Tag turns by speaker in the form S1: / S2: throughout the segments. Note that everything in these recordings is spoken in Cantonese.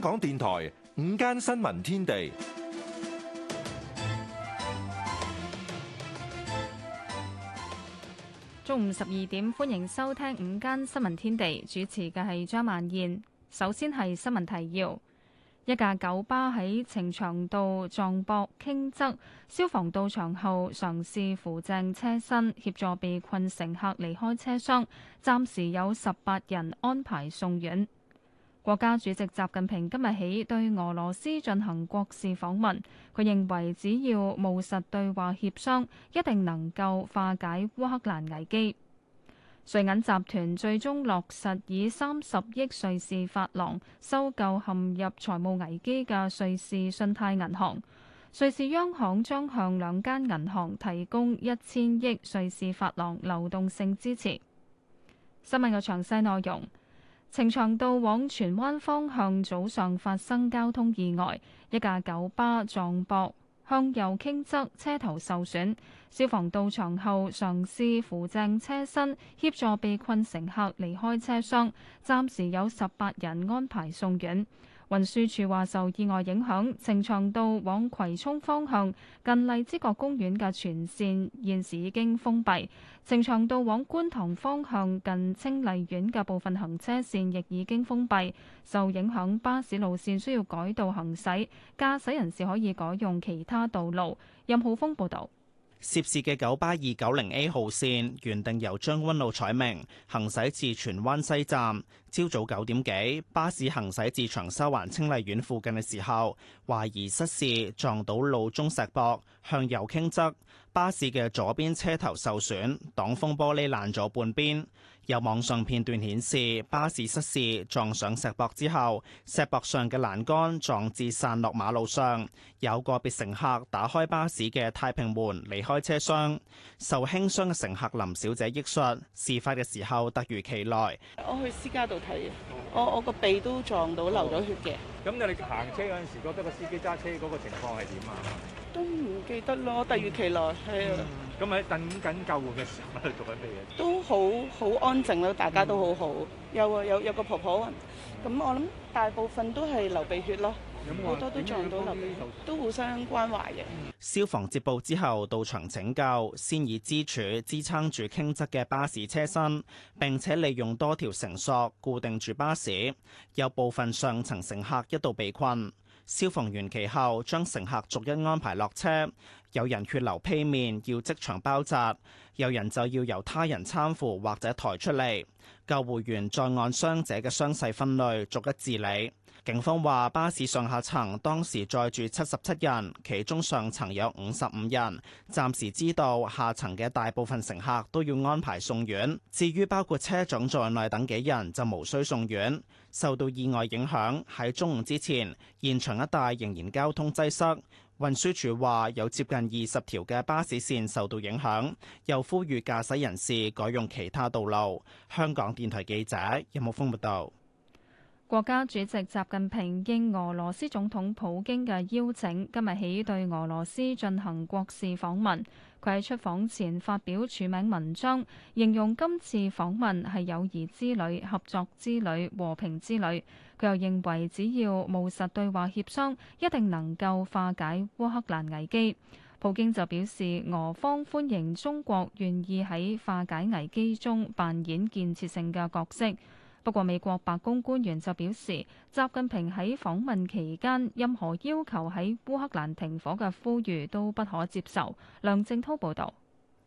S1: 香港電台午間新聞天地，
S2: 中午十二點。歡迎收聽午間新聞天地，主持嘅係張曼燕。首先係新聞提要：一架九巴喺呈祥道撞壆傾側，消防到場後嘗試扶正車身，協助被困乘客離開車廂，暫時有十八人安排送院。國家主席習近平今日起對俄羅斯進行國事訪問。佢認為只要務實對話協商，一定能夠化解烏克蘭危機。瑞銀集團最終落實以三十億瑞士法郎收購陷入財務危機嘅瑞士信貸銀行。瑞士央行將向兩間銀行提供一千億瑞士法郎流動性支持。新聞嘅詳細內容。呈祥道往荃灣方向早上發生交通意外，一架九巴撞壆，向右傾側，車頭受損。消防到場後嘗試扶正車身，協助被困乘客離開車廂。暫時有十八人安排送院。運輸署話受意外影響，呈祥道往葵涌方向近荔枝角公園嘅全線現時已經封閉，呈祥道往觀塘方向近清麗苑嘅部分行車線亦已經封閉。受影響巴士路線需要改道行駛，駕駛人士可以改用其他道路。任浩峰報導。
S3: 涉事嘅九巴二九零 A 號線原定由將軍澳彩明行駛至荃灣西站，朝早九點幾，巴士行駛至長沙灣清麗苑附近嘅時候，懷疑失事撞到路中石壆，向右傾側，巴士嘅左邊車頭受損，擋風玻璃爛咗半邊。有網上片段顯示，巴士失事撞上石壆之後，石壆上嘅欄杆撞至散落馬路上，有個別乘客打開巴士嘅太平門離開車廂。受輕傷嘅乘客林小姐憶述，事發嘅時候突如其來，我去私家度睇，我我個鼻都撞到流咗血嘅。咁你
S4: 行車嗰陣時，覺得個司機揸車嗰個情況係點啊？
S3: 都唔記得咯，啊，突如其
S4: 來，係啊！咁喺等緊救援嘅時候，喺度做緊咩嘢？
S3: 都好好安靜咯，大家都好好。有啊，有有個婆婆啊。咁我諗大部分都係流鼻血咯，好多都撞到流鼻血，都互相關懷嘅。消防接報之後到場拯救，先以支柱支撐住傾側嘅巴士車身，並且利用多條繩索固定住巴士。有部分上層乘客一度被困。消防員其後將乘客逐一安排落車，有人血流披面要即場包紮，有人就要由他人攙扶或者抬出嚟，救護員再按傷者嘅傷勢分類逐一治理。警方話，巴士上下層當時載住七十七人，其中上層有五十五人。暫時知道下層嘅大部分乘客都要安排送院，至於包括車長在內等幾人就無需送院。受到意外影響，喺中午之前，現場一帶仍然交通擠塞。運輸署話有接近二十條嘅巴士線受到影響，又呼籲駕駛人士改用其他道路。香港電台記者任木風報道。有
S2: 國家主席習近平應俄羅斯總統普京嘅邀請，今日起對俄羅斯進行國事訪問。佢喺出訪前發表署名文章，形容今次訪問係友誼之旅、合作之旅、和平之旅。佢又認為只要務實對話協商，一定能夠化解烏克蘭危機。普京就表示，俄方歡迎中國願意喺化解危機中扮演建設性嘅角色。不過，美國白宮官員就表示，習近平喺訪問期間，任何要求喺烏克蘭停火嘅呼籲都不可接受。梁正滔報導。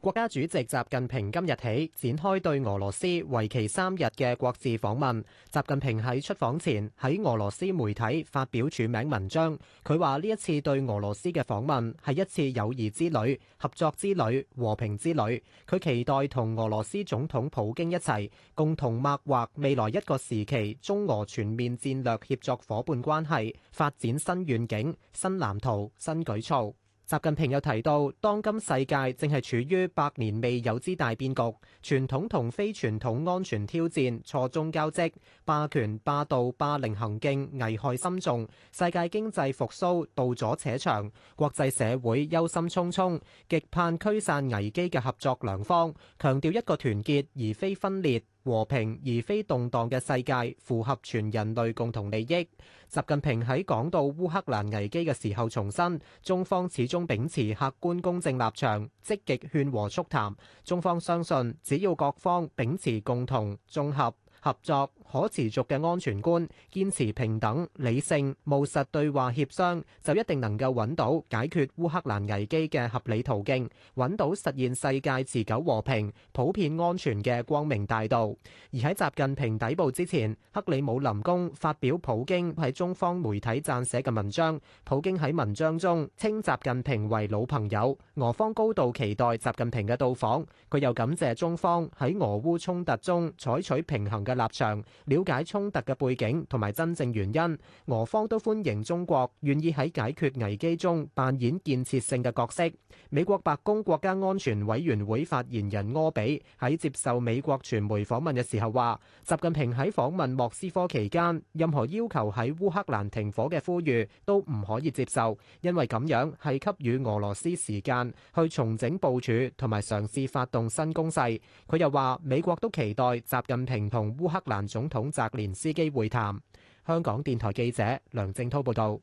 S5: 國家主席習近平今日起展開對俄羅斯為期三日嘅國事訪問。習近平喺出訪前喺俄羅斯媒體發表署名文章，佢話呢一次對俄羅斯嘅訪問係一次友誼之旅、合作之旅、和平之旅。佢期待同俄羅斯總統普京一齊共同擘劃未來一個時期中俄全面戰略協作伙伴關係發展新願景、新藍圖、新舉措。習近平又提到，當今世界正係處於百年未有之大變局，傳統同非傳統安全挑戰錯綜交織，霸權、霸道、霸凌行徑危害深重，世界經濟復蘇道阻且長，國際社會憂心忡忡，極盼驅散危機嘅合作良方，強調一個團結而非分裂，和平而非動盪嘅世界符合全人類共同利益。習近平喺講到烏克蘭危機嘅時候，重申中方始終秉持客觀公正立場，積極勸和促談。中方相信，只要各方秉持共同、綜合、合作可持續嘅安全觀，堅持平等、理性、務實對話協商，就一定能夠揾到解決烏克蘭危機嘅合理途徑，揾到實現世界持久和平、普遍安全嘅光明大道。而喺習近平抵步之前，克里姆林宮發表普京喺中方媒體撰寫嘅文章，普京喺文章中稱習近平為老朋友，俄方高度期待習近平嘅到訪。佢又感謝中方喺俄烏衝突中採取平衡嘅。立場，了解衝突嘅背景同埋真正原因，俄方都歡迎中國願意喺解決危機中扮演建設性嘅角色。美國白宮國家安全委員會發言人柯比喺接受美國傳媒訪問嘅時候話，習近平喺訪問莫斯科期間，任何要求喺烏克蘭停火嘅呼籲都唔可以接受，因為咁樣係給予俄羅斯時間去重整部署同埋嘗試發動新攻勢。佢又話美國都期待習近平同。烏克蘭總統澤連斯基會談。香港電台記者梁正濤報道：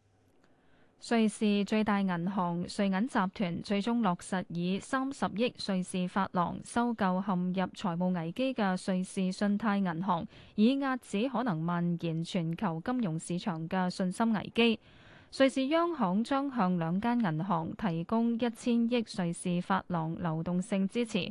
S2: 瑞士最大銀行瑞銀集團最終落實以三十億瑞士法郎收購陷入財務危機嘅瑞士信貸銀行，以遏止可能蔓延全球金融市場嘅信心危機。瑞士央行將向兩間銀行提供一千億瑞士法郎流動性支持。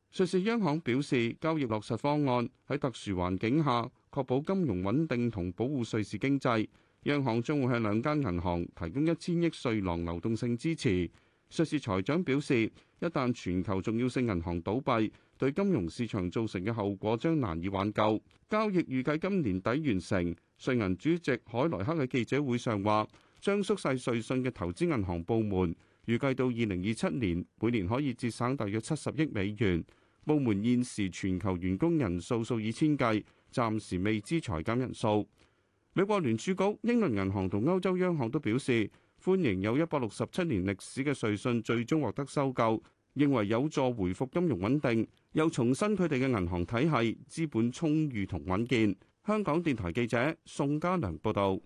S6: 瑞士央行表示，交易落實方案喺特殊環境下，確保金融穩定同保護瑞士經濟。央行將會向兩間銀行提供一千億瑞郎流動性支持。瑞士財長表示，一旦全球重要性銀行倒閉，對金融市場造成嘅後果將難以挽救。交易預計今年底完成。瑞銀主席海萊克喺記者會上話，將縮細瑞信嘅投資銀行部門，預計到二零二七年每年可以節省大約七十億美元。部門現時全球員工人數數以千計，暫時未知裁減人數。美國聯儲局、英倫銀行同歐洲央行都表示歡迎有一百六十七年歷史嘅瑞信最終獲得收購，認為有助回復金融穩定，又重申佢哋嘅銀行體系資本充裕同穩健。香港電台記者宋家良報道。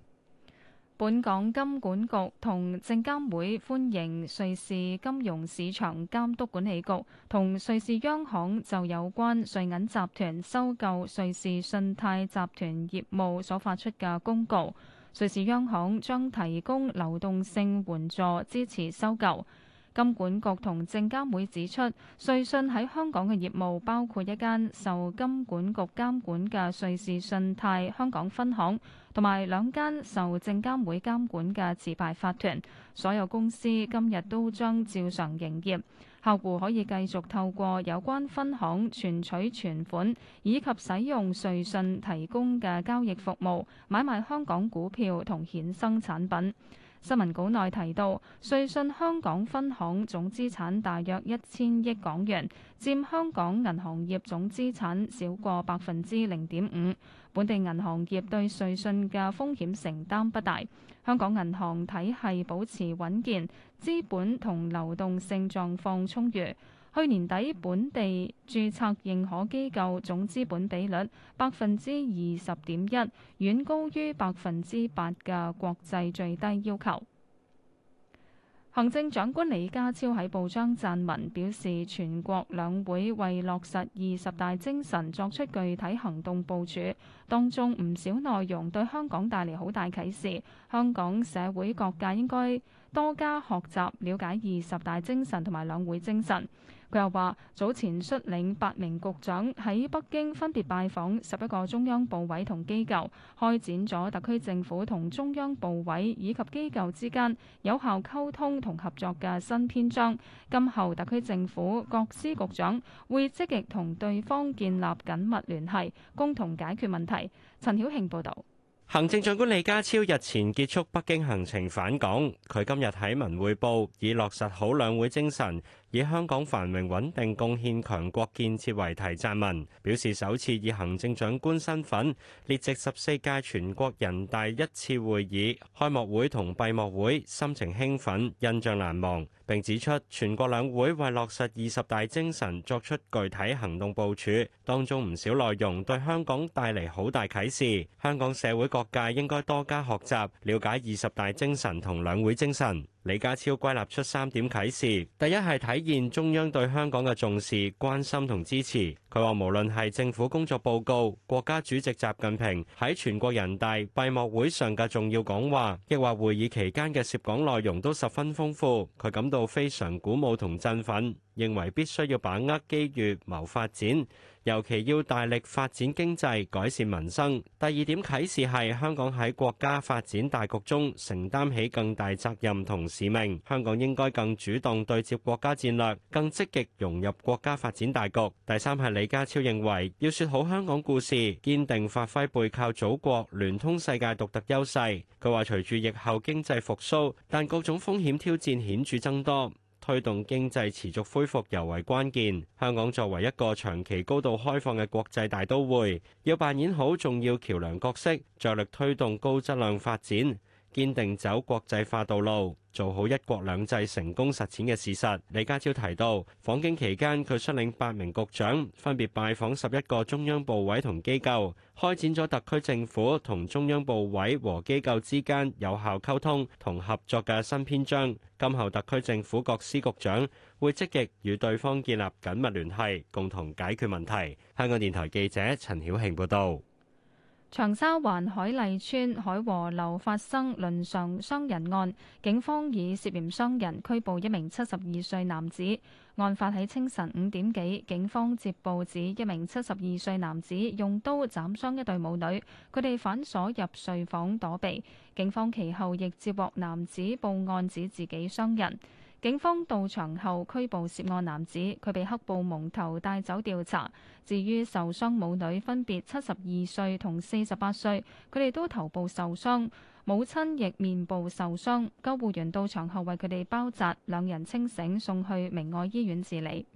S2: 本港金管局同證監會歡迎瑞士金融市場監督管理局同瑞士央行就有關瑞銀集團收購瑞士信貸集團業務所發出嘅公告。瑞士央行將提供流動性援助支持收購。金管局同證監會指出，瑞信喺香港嘅業務包括一間受金管局監管嘅瑞士信貸香港分行。同埋兩間受證監會監管嘅持牌法團，所有公司今日都將照常營業，客戶可以繼續透過有關分行存取存款，以及使用瑞信提供嘅交易服務，買賣香港股票同衍生產品。新聞稿內提到，瑞信香港分行總資產大約一千億港元，佔香港銀行業總資產少過百分之零點五。本地銀行業對瑞信嘅風險承擔不大，香港銀行體系保持穩健，資本同流動性狀況充裕。去年底本地註冊認可機構總資本比率百分之二十點一，遠高於百分之八嘅國際最低要求。行政長官李家超喺報章撰文表示，全國兩會為落實二十大精神作出具體行動部署，當中唔少內容對香港帶嚟好大啟示。香港社會各界應該多加學習，了解二十大精神同埋兩會精神。佢又話：早前率領八名局長喺北京分別拜訪十一個中央部委同機構，開展咗特區政府同中央部委以及機構之間有效溝通同合作嘅新篇章。今後特區政府各司局長會積極同對方建立緊密聯繫，共同解決問題。陳曉慶報導。
S4: 行政長官李家超日前結束北京行程返港，佢今日喺文匯報已落實好兩會精神。以香港繁榮穩定、貢獻強國建設為題撰文，表示首次以行政長官身份列席十四屆全國人大一次會議開幕會同閉幕會，心情興奮、印象難忘。並指出全國兩會為落實二十大精神作出具體行動部署，當中唔少內容對香港帶嚟好大啟示，香港社會各界應該多加學習，了解二十大精神同兩會精神。李家超歸納出三點啟示：第一係體現中央對香港嘅重視、關心同支持。佢話無論係政府工作報告、國家主席習近平喺全國人大閉幕會上嘅重要講話，亦或會議期間嘅涉港內容，都十分豐富。佢感到非常鼓舞同振奮。認為必須要把握機遇謀，謀發展，尤其要大力發展經濟、改善民生。第二點啟示係香港喺國家發展大局中承擔起更大責任同使命，香港應該更主動對接國家戰略，更積極融入國家發展大局。第三係李家超認為，要説好香港故事，堅定發揮背靠祖國、聯通世界獨特優勢。佢話：隨住疫後經濟復甦，但各種風險挑戰顯著增多。推動經濟持續恢復尤為關鍵。香港作為一個長期高度開放嘅國際大都會，要扮演好重要橋樑角色，着力推動高質量發展。堅定走國際化道路，做好一國兩制成功實踐嘅事實。李家超提到，訪京期間，佢率領八名局長分別拜訪十一個中央部委同機構，開展咗特區政府同中央部委和機構之間有效溝通同合作嘅新篇章。今後特區政府各司局長會積極與對方建立緊密聯繫，共同解決問題。香港電台記者陳曉慶報道。
S2: 長沙灣海麗邨海和樓發生倫常傷人案，警方以涉嫌傷人拘捕一名七十二歲男子。案發喺清晨五點幾，警方接報指一名七十二歲男子用刀斬傷一對母女，佢哋反鎖入睡房躲避，警方其後亦接獲男子報案指自己傷人。警方到場後拘捕涉案男子，佢被黑布蒙頭帶走調查。至於受傷母女分別七十二歲同四十八歲，佢哋都頭部受傷，母親亦面部受傷。救護員到場後為佢哋包紮，兩人清醒，送去明愛醫院治理。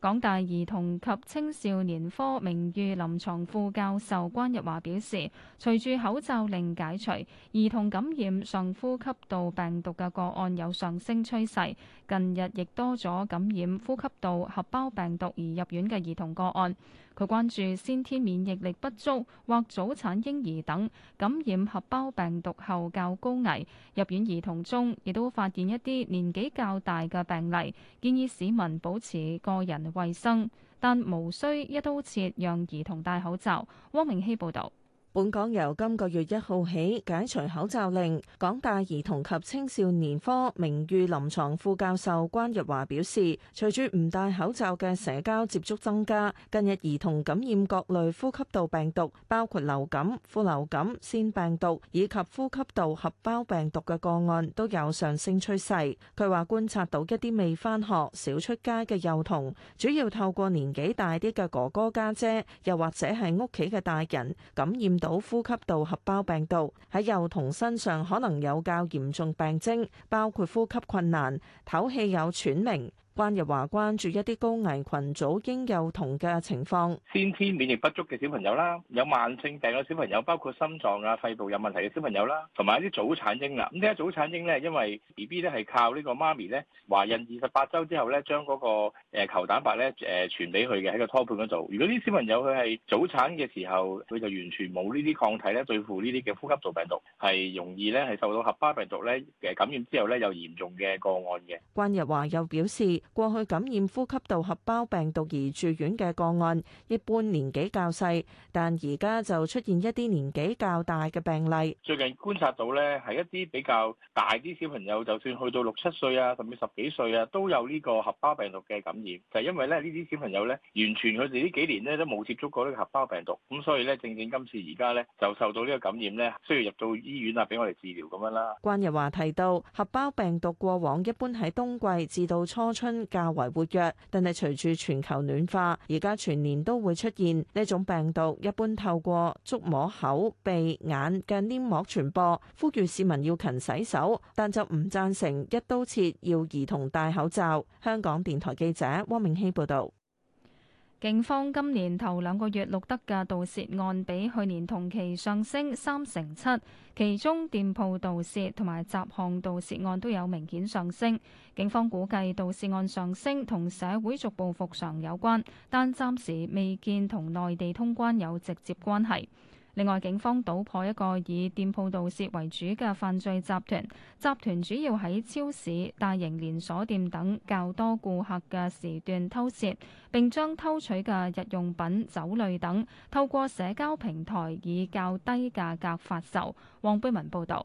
S2: 港大兒童及青少年科名譽臨床副教授關日華表示，隨住口罩令解除，兒童感染上呼吸道病毒嘅個案有上升趨勢。近日亦多咗感染呼吸道合胞病毒而入院嘅兒童個案，佢關注先天免疫力不足或早產嬰兒等感染合胞病毒後較高危。入院兒童中亦都發現一啲年紀較大嘅病例，建議市民保持個人衛生，但無需一刀切讓兒童戴口罩。汪明希報道。
S7: 本港由今個月一號起解除口罩令，港大兒童及青少年科名譽臨牀副教授關日華表示，隨住唔戴口罩嘅社交接觸增加，近日兒童感染各類呼吸道病毒，包括流感、副流感、腺病毒以及呼吸道合胞病毒嘅個案都有上升趨勢。佢話觀察到一啲未翻學、少出街嘅幼童，主要透過年紀大啲嘅哥哥家姐，又或者係屋企嘅大人感染。到呼吸道合胞病毒喺幼童身上可能有較嚴重病徵，包括呼吸困難、唞氣有喘鳴。關日華關注一啲高危群組嬰幼童嘅情況，
S1: 先天免疫不足嘅小朋友啦，有慢性病嘅小朋友，包括心臟啊、肺部有問題嘅小朋友啦，同埋一啲早產嬰啦。咁呢一早產嬰咧，因為 B B 咧係靠呢個媽咪咧，懷孕二十八周之後咧，將嗰個誒球蛋白咧誒傳俾佢嘅喺個胎盤嗰度。如果啲小朋友佢係早產嘅時候，佢就完全冇呢啲抗體咧，對付呢啲嘅呼吸道病毒，係容易咧係受到合胞病毒咧嘅感染之後
S4: 咧，有嚴重嘅個案嘅。
S7: 關日華又表示。過去感染呼吸道合胞病毒而住院嘅個案，一般年紀較細，但而家就出現一啲年紀較大嘅病例。
S1: 最近觀察到呢，係一啲比較大啲小朋友，就算去到六七歲啊，甚至十幾歲啊，都有呢個合胞病毒嘅感染。就係因為咧，呢啲小朋友呢，完全佢哋呢幾年呢都冇接觸過呢個合胞病毒，咁所以呢，正正今次而家呢，就受到呢個感染呢，需要入到醫院啊，俾我哋治療咁樣啦。
S7: 關日華提到，合胞病毒過往一般喺冬季至到初春。較為活躍，但係隨住全球暖化，而家全年都會出現呢種病毒。一般透過觸摸口、鼻、眼嘅黏膜傳播。呼籲市民要勤洗手，但就唔贊成一刀切要兒童戴口罩。香港電台記者汪明希報道。
S2: 警方今年頭兩個月錄得嘅盜竊案比去年同期上升三成七，其中店鋪盜竊同埋雜項盜竊案都有明顯上升。警方估計盜竊案上升同社會逐步復常有關，但暫時未見同內地通關有直接關係。另外，警方搗破一個以店鋪盜竊為主嘅犯罪集團，集團主要喺超市、大型連鎖店等較多顧客嘅時段偷竊，並將偷取嘅日用品、酒類等透過社交平台以較低價格發售。黃貝文報導。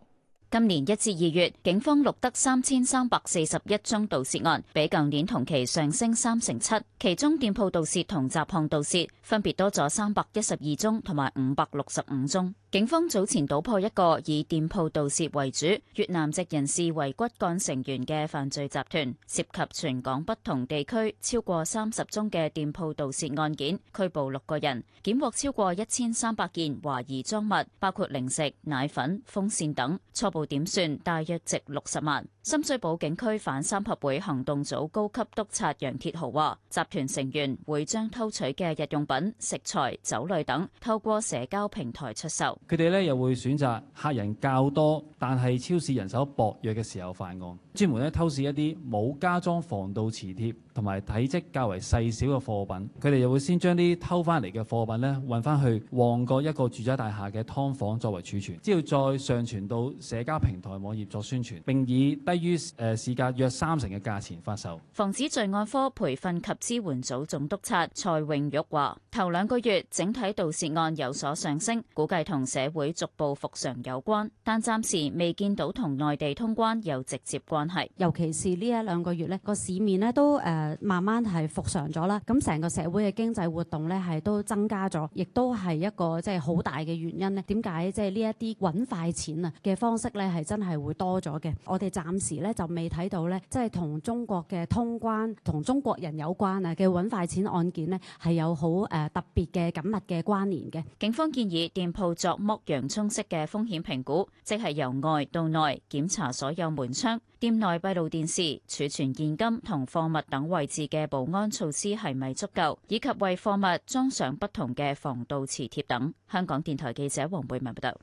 S8: 今年一至二月，警方錄得三千三百四十一宗盜竊案，比舊年同期上升三成七。其中，店鋪盜竊同雜項盜竊分別多咗三百一十二宗同埋五百六十五宗。警方早前搗破一個以店鋪盜竊為主、越南籍人士為骨幹成員嘅犯罪集團，涉及全港不同地區超過三十宗嘅店鋪盜竊案件，拘捕六個人，檢獲超過一千三百件懷疑贓物，包括零食、奶粉、風扇等，初步點算大約值六十萬。深水埗警區反三合會行動組高級督察楊鐵豪話，集團成員會將偷取嘅日用品、食材、酒類等，透過社交平台出售。
S4: 佢哋呢又會選擇客人較多，但係超市人手薄弱嘅時候犯案，專門呢偷竊一啲冇加裝防盜磁貼同埋體積較為細小嘅貨品。佢哋又會先將啲偷翻嚟嘅貨品呢運翻去旺角一個住宅大廈嘅㓥房作為儲存，之後再上傳到社交平台網頁作宣傳，並以低低於誒市價約三成嘅價錢發售。
S8: 防止罪案科培訓及支援組總督察蔡榮玉話：頭兩個月整體盜竊案有所上升，估計同社會逐步復常有關，但暫時未見到同內地通關有直接關係。尤其是呢一兩個月咧，個市面咧都誒慢慢係復常咗啦，咁成個社會嘅經濟活動呢，係都增加咗，亦都係一個即係好大嘅原因咧。點解即係呢一啲揾快錢啊嘅方式呢，係真係會多咗嘅？我哋暫時，時咧就未睇到咧，即係同中國嘅通關同中國人有關啊嘅揾快錢案件咧，係有好誒特別嘅緊密嘅關聯嘅。警方建議店鋪作剝洋蔥式嘅風險評估，即係由外到內檢查所有門窗、店內閉路電視、儲存現金同貨物等位置嘅保安措施係咪足夠，以及為貨物裝上不同嘅防盜磁貼等。香港電台記者黃貝文報道。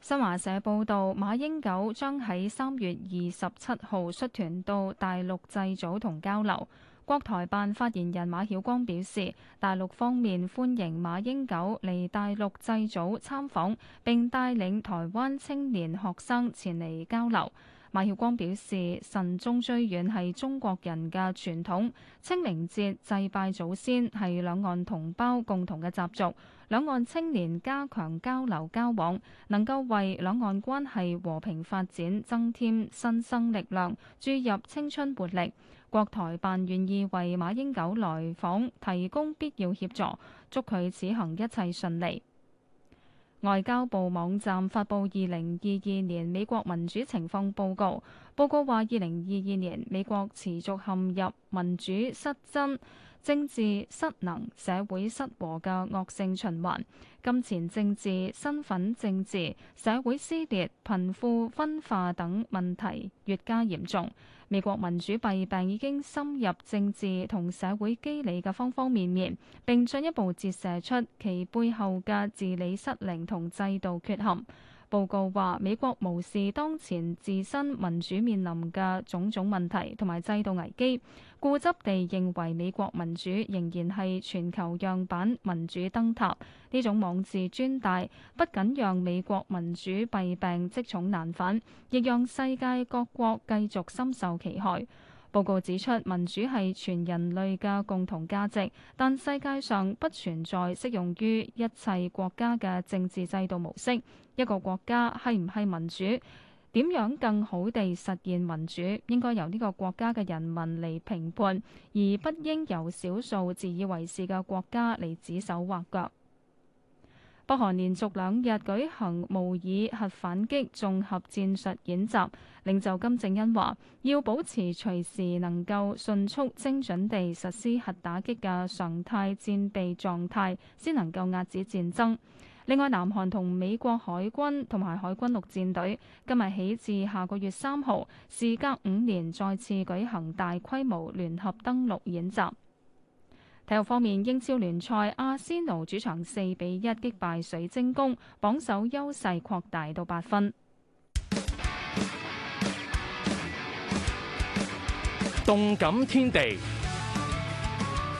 S2: 新華社報道，馬英九將喺三月二十七號率團到大陸祭祖同交流。國台辦發言人馬曉光表示，大陸方面歡迎馬英九嚟大陸祭祖參訪，並帶領台灣青年學生前嚟交流。馬曉光表示，慎終追遠係中國人嘅傳統，清明節祭拜祖先係兩岸同胞共同嘅習俗。兩岸青年加強交流交往，能夠為兩岸關係和平發展增添新生力量，注入青春活力。國台辦願意為馬英九來訪提供必要協助，祝佢此行一切順利。外交部網站發布二零二二年美國民主情況報告，報告話：二零二二年美國持續陷入民主失真。政治失能、社會失和嘅惡性循環，金錢政治、身份政治、社會撕裂、貧富分化等問題越加嚴重。美國民主弊病已經深入政治同社會機理嘅方方面面，並進一步折射出其背後嘅治理失靈同制度缺陷。報告話，美國無視當前自身民主面臨嘅種種問題同埋制度危機，固執地認為美國民主仍然係全球樣板民主燈塔。呢種妄自尊大，不僅讓美國民主弊病積重難返，亦讓世界各國繼續深受其害。報告指出，民主係全人類嘅共同價值，但世界上不存在適用於一切國家嘅政治制度模式。一個國家係唔係民主，點樣更好地實現民主，應該由呢個國家嘅人民嚟評判，而不應由少數自以為是嘅國家嚟指手畫腳。北韓連續兩日舉行模擬核反擊綜合戰術演習，領袖金正恩話：要保持隨時能夠迅速、精準地實施核打擊嘅常態戰備狀態，先能夠壓止戰爭。另外，南韓同美國海軍同埋海軍陸戰隊今日起至下個月三號，事隔五年再次舉行大規模聯合登陸演習。體育方面，英超聯賽阿仙奴主場四比一擊敗水晶宮，榜首優勢擴大到八分。動
S1: 感天地，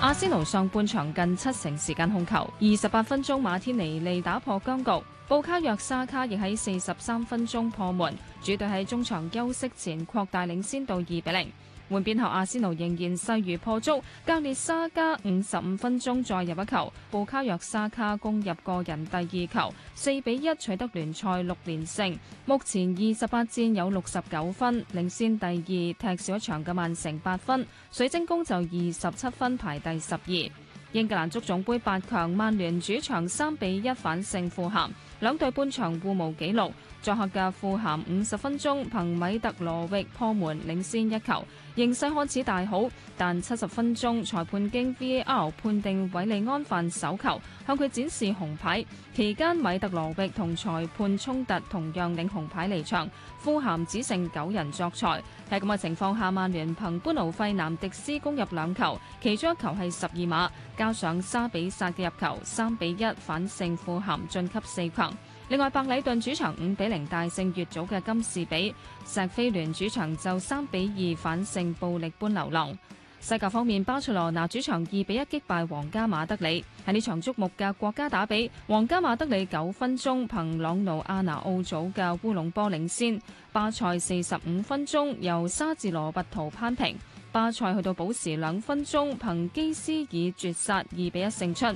S2: 阿仙奴上半場近七成時間控球，二十八分鐘馬天尼利打破僵局，布卡約沙卡亦喺四十三分鐘破門，主隊喺中場休息前擴大領先到二比零。換邊後，阿仙奴仍然勢如破竹，格列沙加五十五分鐘再入一球，布卡約沙卡攻入個人第二球，四比一取得聯賽六連勝。目前二十八戰有六十九分，領先第二踢少一場嘅曼城八分，水晶宮就二十七分排第十二。英格蘭足總盃八強，曼聯主場三比一反勝富咸。兩隊半場互無紀錄，作客嘅富咸五十分鐘憑米特羅域破門領先一球，形勢開始大好。但七十分鐘裁判經 VAR 判定韋利安犯手球，向佢展示紅牌。期間米特羅域同裁判衝突，同樣領紅牌離場。富咸只剩九人作賽。喺咁嘅情況下，曼聯憑般奴費南迪斯攻入兩球，其中一球係十二碼，加上沙比薩嘅入球，三比一反勝富咸晉級四強。另外，白里頓主場五比零大勝越早嘅金士比，石飛聯主場就三比二反勝暴力般流浪。西甲方面，巴塞羅那主場二比一擊敗皇家馬德里。喺呢場矚目嘅國家打比，皇家馬德里九分鐘憑朗奴阿拿奧祖嘅烏龍波領先，巴塞四十五分鐘由沙治羅拔圖扳平，巴塞去到補時兩分鐘憑基斯以絕殺二比一勝出。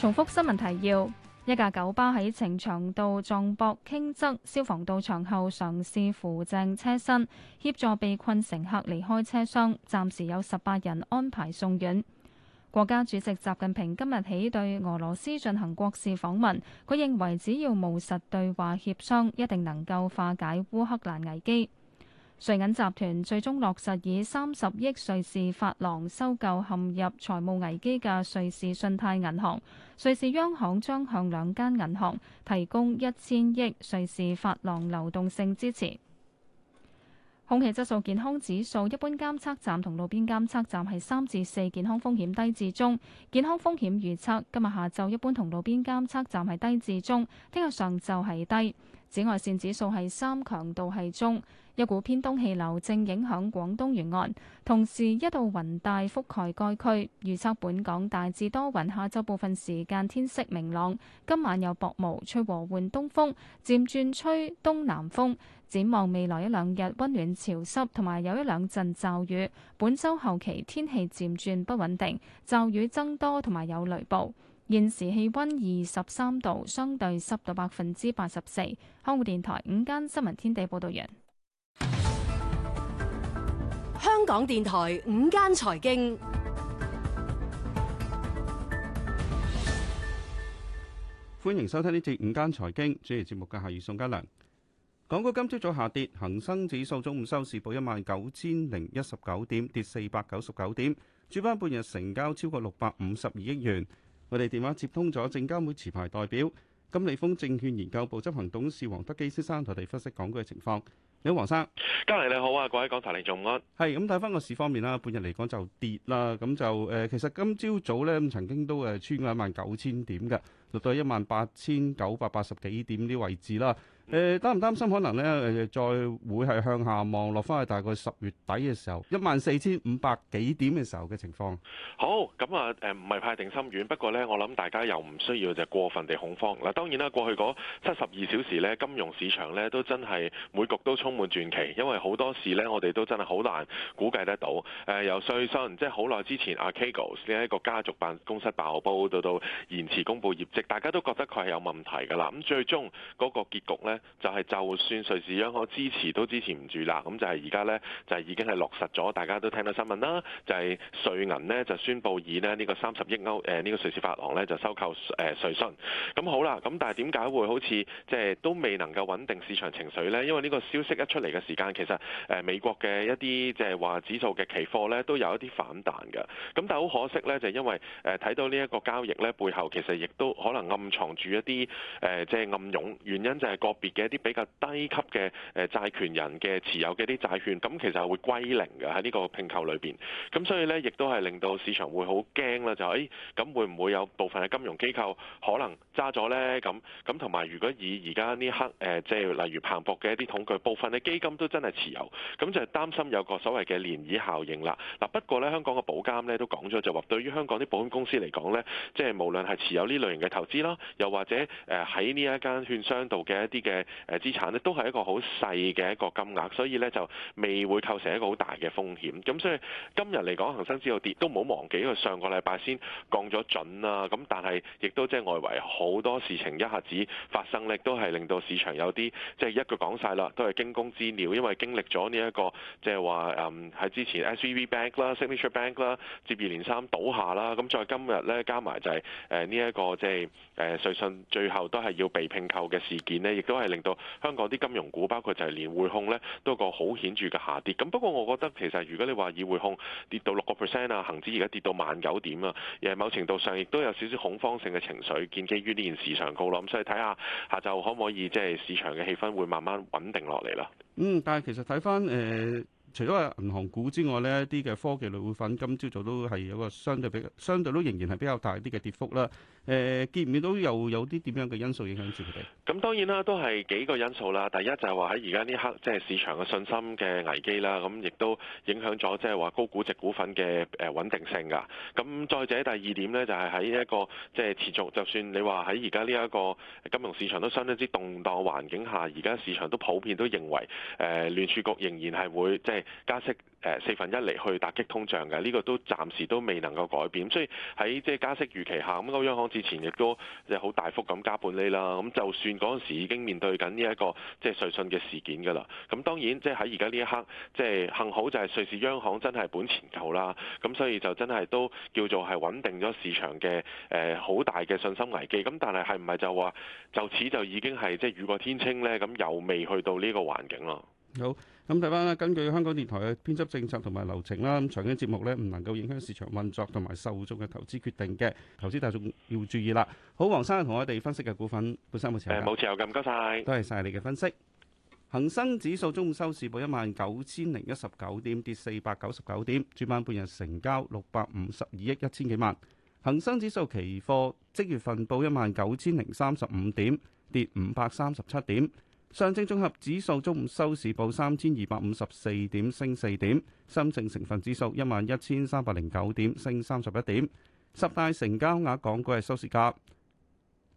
S2: 重複新聞提要。一架九巴喺呈祥道撞壆傾側，消防到場後嘗試扶正車身，協助被困乘客離開車廂，暫時有十八人安排送院。國家主席習近平今日起對俄羅斯進行國事訪問，佢認為只要務實對話協商，一定能夠化解烏克蘭危機。瑞銀集團最終落實以三十億瑞士法郎收購陷入財務危機嘅瑞士信貸銀行，瑞士央行將向兩間銀行提供一千億瑞士法郎流動性支持。空氣質素健康指數，一般監測站同路邊監測站係三至四，健康風險低至中，健康風險預測今日下晝一般同路邊監測站係低至中，聽日上晝係低。紫外線指數係三，強度係中。一股偏東氣流正影響廣東沿岸，同時一道雲帶覆蓋該區。預測本港大致多雲，下晝部分時間天色明朗，今晚有薄霧，吹和緩東風，漸轉吹東南風。展望未來一兩日，溫暖潮濕，同埋有一兩陣驟雨。本週後期天氣漸轉不穩定，驟雨增多，同埋有雷暴。現時氣溫二十三度，相對濕度百分之八十四。香港電台午間新聞天地報道員。香港電台午間財經，
S6: 歡迎收聽呢節午間財經，主持節目嘅係宋嘉良。港股今朝早下跌，恒生指數中午收市報一萬九千零一十九點，跌四百九十九點，主板半日成交超過六百五十二億元。我哋電話接通咗證監會持牌代表金利豐證券研究部執行董事黃德基先生，同我哋分析港股嘅情況。你好，黃生。
S1: 嘉麗，你好啊，各位港台，你早安。
S6: 係，咁睇翻個市方面啦，半日嚟講就跌啦，咁就誒、呃，其實今朝早咧曾經都誒穿過一萬九千點嘅，落到一萬八千九百八十幾點啲位置啦。誒擔唔擔心可能咧誒、呃、再會係向下望落翻去大概十月底嘅時候，一萬四千五百幾點嘅時候嘅情況？
S1: 好咁啊，誒唔係派定心丸，不過咧我諗大家又唔需要就過分地恐慌嗱。當然啦，過去嗰七十二小時咧，金融市場咧都真係每局都充滿傳奇，因為好多事呢，我哋都真係好難估計得到。誒、呃、由瑞信，即係好耐之前阿 Archegos 呢一個家族辦公室爆煲，到到延遲公佈業績，大家都覺得佢係有問題㗎啦。咁最終嗰個結局呢，就係就算瑞士央行支持都支持唔住啦，咁就係而家呢，就係已經係落實咗，大家都聽到新聞啦，就係、是、瑞銀呢就宣佈以咧呢、呢個三十億歐誒呢個瑞士法郎呢就收購誒瑞信。咁好啦，咁但係點解會好似即係都未能夠穩定市場情緒呢？因為呢個消息一出嚟嘅時間，其實誒美國嘅一啲即係話指數嘅期貨呢都有一啲反彈嘅。咁但係好可惜呢，就是、因為誒睇到呢一個交易呢，背後其實亦都可能暗藏住一啲誒即係暗湧，原因就係個嘅一啲比較低級嘅誒債權人嘅持有嘅一啲債券，咁其實係會歸零嘅喺呢個拼購裏邊，咁所以咧亦都係令到市場會好驚啦，就誒咁、哎、會唔會有部分嘅金融機構可能揸咗咧？咁咁同埋如果以而家呢刻誒即係例如彭博嘅一啲統計部分嘅基金都真係持有，咁就係擔心有個所謂嘅漣漪效應啦。嗱不過咧，香港嘅保監咧都講咗，就話對於香港啲保險公司嚟講咧，即係無論係持有呢類型嘅投資啦，又或者誒喺呢一間券商度嘅一啲嘅。嘅誒資產都係一個好細嘅一個金額，所以呢就未會構成一個好大嘅風險。咁所以今日嚟講，恒生指數跌都唔好忘記，佢上個禮拜先降咗準啦。咁但係亦都即係外圍好多事情一下子發生咧，都係令到市場有啲即係一句講晒啦，都係驚弓之鳥，因為經歷咗呢一個即係話誒喺之前 SVB Bank 啦、Signature Bank 啦，接二連三倒下啦。咁再今日呢，加埋就係誒呢一個即係誒瑞信最後都係要被拼購嘅事件呢，亦都係。令到香港啲金融股，包括就係連匯控呢，都有個好顯著嘅下跌。咁不過，我覺得其實如果你話以匯控跌到六個 percent 啊，恒指而家跌到萬九點啊，某程度上亦都有少少恐慌性嘅情緒。建基於呢件事，上高咯。咁所以睇下下晝可唔可以即係市場嘅氣氛會慢慢穩定落嚟啦。
S6: 嗯，但係其實睇翻誒。呃除咗銀行股之外呢，一啲嘅科技類股份今朝早都係有個相對比較，相對都仍然係比較大啲嘅跌幅啦。誒、呃，見唔見到又有啲點樣嘅因素影響住佢哋？
S1: 咁當然啦，都係幾個因素啦。第一就係話喺而家呢刻，即係市場嘅信心嘅危機啦。咁亦都影響咗即係話高估值股份嘅誒穩定性㗎。咁再者第二點呢就係、是、喺一個即係持續，就算你話喺而家呢一個金融市場都相當之動盪環境下，而家市場都普遍都認為誒、呃、聯儲局仍然係會即係。加息誒四分一嚟去打擊通脹嘅呢個都暫時都未能夠改變，所以喺即係加息預期下，咁歐央行之前亦都即係好大幅咁加半釐啦。咁就算嗰陣時已經面對緊呢一個即係瑞信嘅事件㗎啦。咁當然即係喺而家呢一刻，即係幸好就係瑞士央行真係本錢夠啦。咁所以就真係都叫做係穩定咗市場嘅誒好大嘅信心危機。咁但係係唔係就話就此就已經係即係雨過天青呢？咁又未去到呢個環境咯。
S6: 好。No. 咁睇翻咧，根據香港電台嘅編輯政策同埋流程啦，咁長期節目呢唔能夠影響市場運作同埋受眾嘅投資決定嘅，投資大眾要注意啦。好，黃生同我哋分析嘅股份，本身冇持有。冇持
S1: 有咁，多晒。多
S6: 謝晒你嘅分析。恒生指數中午收市報一萬九千零一十九點，跌四百九十九點，主板半日成交六百五十二億一千幾萬。恒生指數期貨即月份報一萬九千零三十五點，跌五百三十七點。上證綜合指數中午收市報三千二百五十四點，升四點；深證成分指數一萬一千三百零九點，升三十一點。十大成交額港股嘅收市價，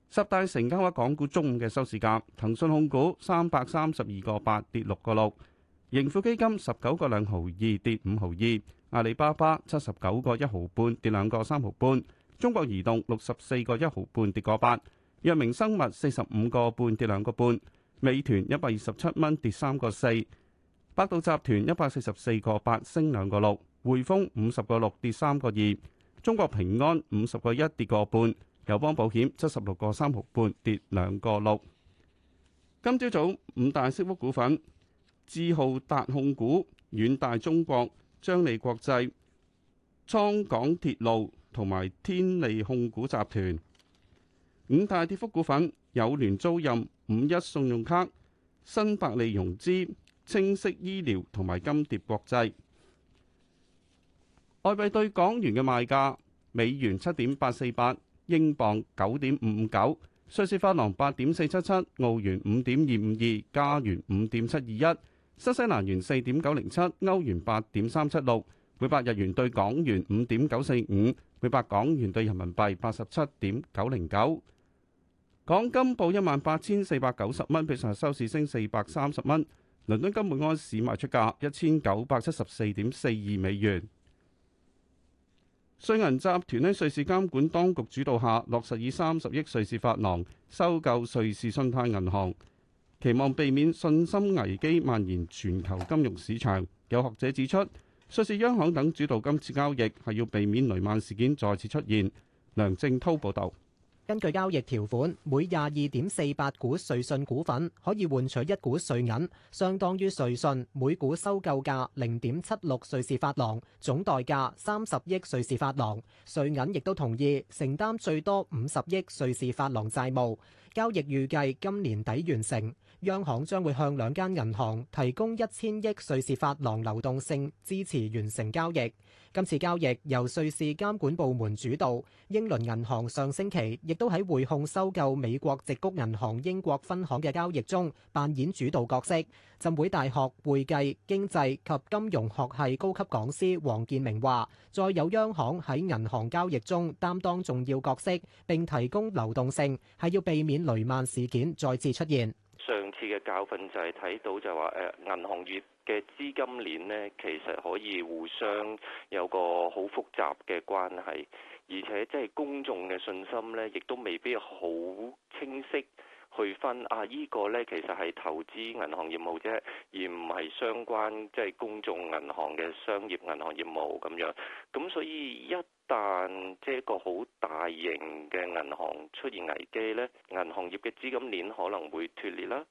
S6: 十大成交額港股中午嘅收市價：騰訊控股三百三十二個八，跌六個六；盈富基金十九個兩毫二，跌五毫二；阿里巴巴七十九個一毫半，跌兩個三毫半；中國移動六十四個一毫半，跌個八；藥明生物四十五個半，跌兩個半。美團一百二十七蚊跌三個四，百度集團一百四十四個八升兩個六，匯豐五十個六跌三個二，中國平安五十個一跌個半，友邦保險七十六個三毫半跌兩個六。今朝早五大升幅股份：智浩達控股、遠大中國、張利國際、倉港鐵路同埋天利控股集團。五大跌幅股份：有聯租賃。五一信用卡、新百利融資、清晰醫療同埋金蝶國際。外幣對港元嘅賣價：美元七點八四八，英鎊九點五五九，瑞士法郎八點四七七，澳元五點二五二，加元五點七二一，新西蘭元四點九零七，歐元八點三七六，每百日元對港元五點九四五，每百港元對人民幣八十七點九零九。港金報一萬八千四百九十蚊，比上日收市升四百三十蚊。倫敦金每盎司賣出價一千九百七十四點四二美元。瑞銀集團喺瑞士監管當局主導下，落實以三十億瑞士法郎收購瑞士信貸銀行，期望避免信心危機蔓延全球金融市場。有學者指出，瑞士央行等主導今次交易係要避免雷曼事件再次出現。梁正濤報導。
S5: 根據交易條款，每廿二點四八股瑞信股份可以換取一股瑞銀，相當於瑞信每股收購價零點七六瑞士法郎，總代價三十億瑞士法郎。瑞銀亦都同意承擔最多五十億瑞士法郎債務。交易預計今年底完成。央行將會向兩間銀行提供一千億瑞士法郎流動性支持，完成交易。今次交易由瑞士監管部門主導，英倫銀行上星期亦都喺匯控收購美國矽谷銀行英國分行嘅交易中扮演主導角色。浸會大學會計經濟及金融學系高級講師黃建明話，再有央行喺銀行交易中擔當重要角色並提供流動性，係要避免雷曼事件再次出現。
S4: 上次嘅教訓就係睇到就話誒銀行業嘅資金鏈呢，其實可以互相有個好複雜嘅關係，而且即係公眾嘅信心呢，亦都未必好清晰。去分啊！依個咧其實係投資銀行業務啫，而唔係相關即係公眾銀行嘅商業銀行業務咁樣。咁所以一旦即係一個好大型嘅銀行出現危機咧，銀行業嘅資金鏈可能會斷裂啦。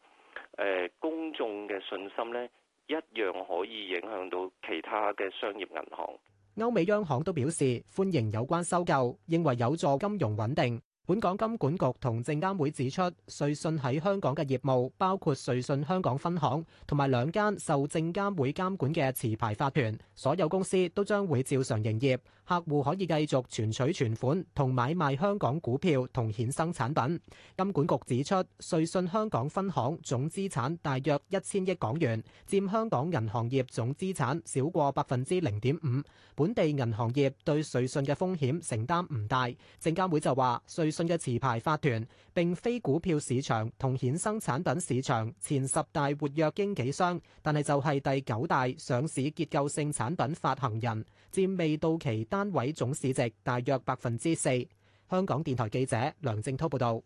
S4: 誒，公眾嘅信心咧一樣可以影響到其他嘅商業銀行。
S5: 歐美央行都表示歡迎有關收購，認為有助金融穩定。本港金管局同證監會指出，瑞信喺香港嘅業務包括瑞信香港分行同埋兩間受證監會監管嘅持牌法團，所有公司都將會照常營業。客戶可以繼續存取存款同買賣香港股票同衍生產品。金管局指出，瑞信香港分行總資產大約一千億港元，佔香港銀行業總資產少過百分之零點五。本地銀行業對瑞信嘅風險承擔唔大。證監會就話，瑞信嘅持牌法團並非股票市場同衍生產品市場前十大活躍經紀商，但係就係第九大上市結構性產品發行人。佔未到期單位總市值大約百分之四。香港電台記者梁正滔報導。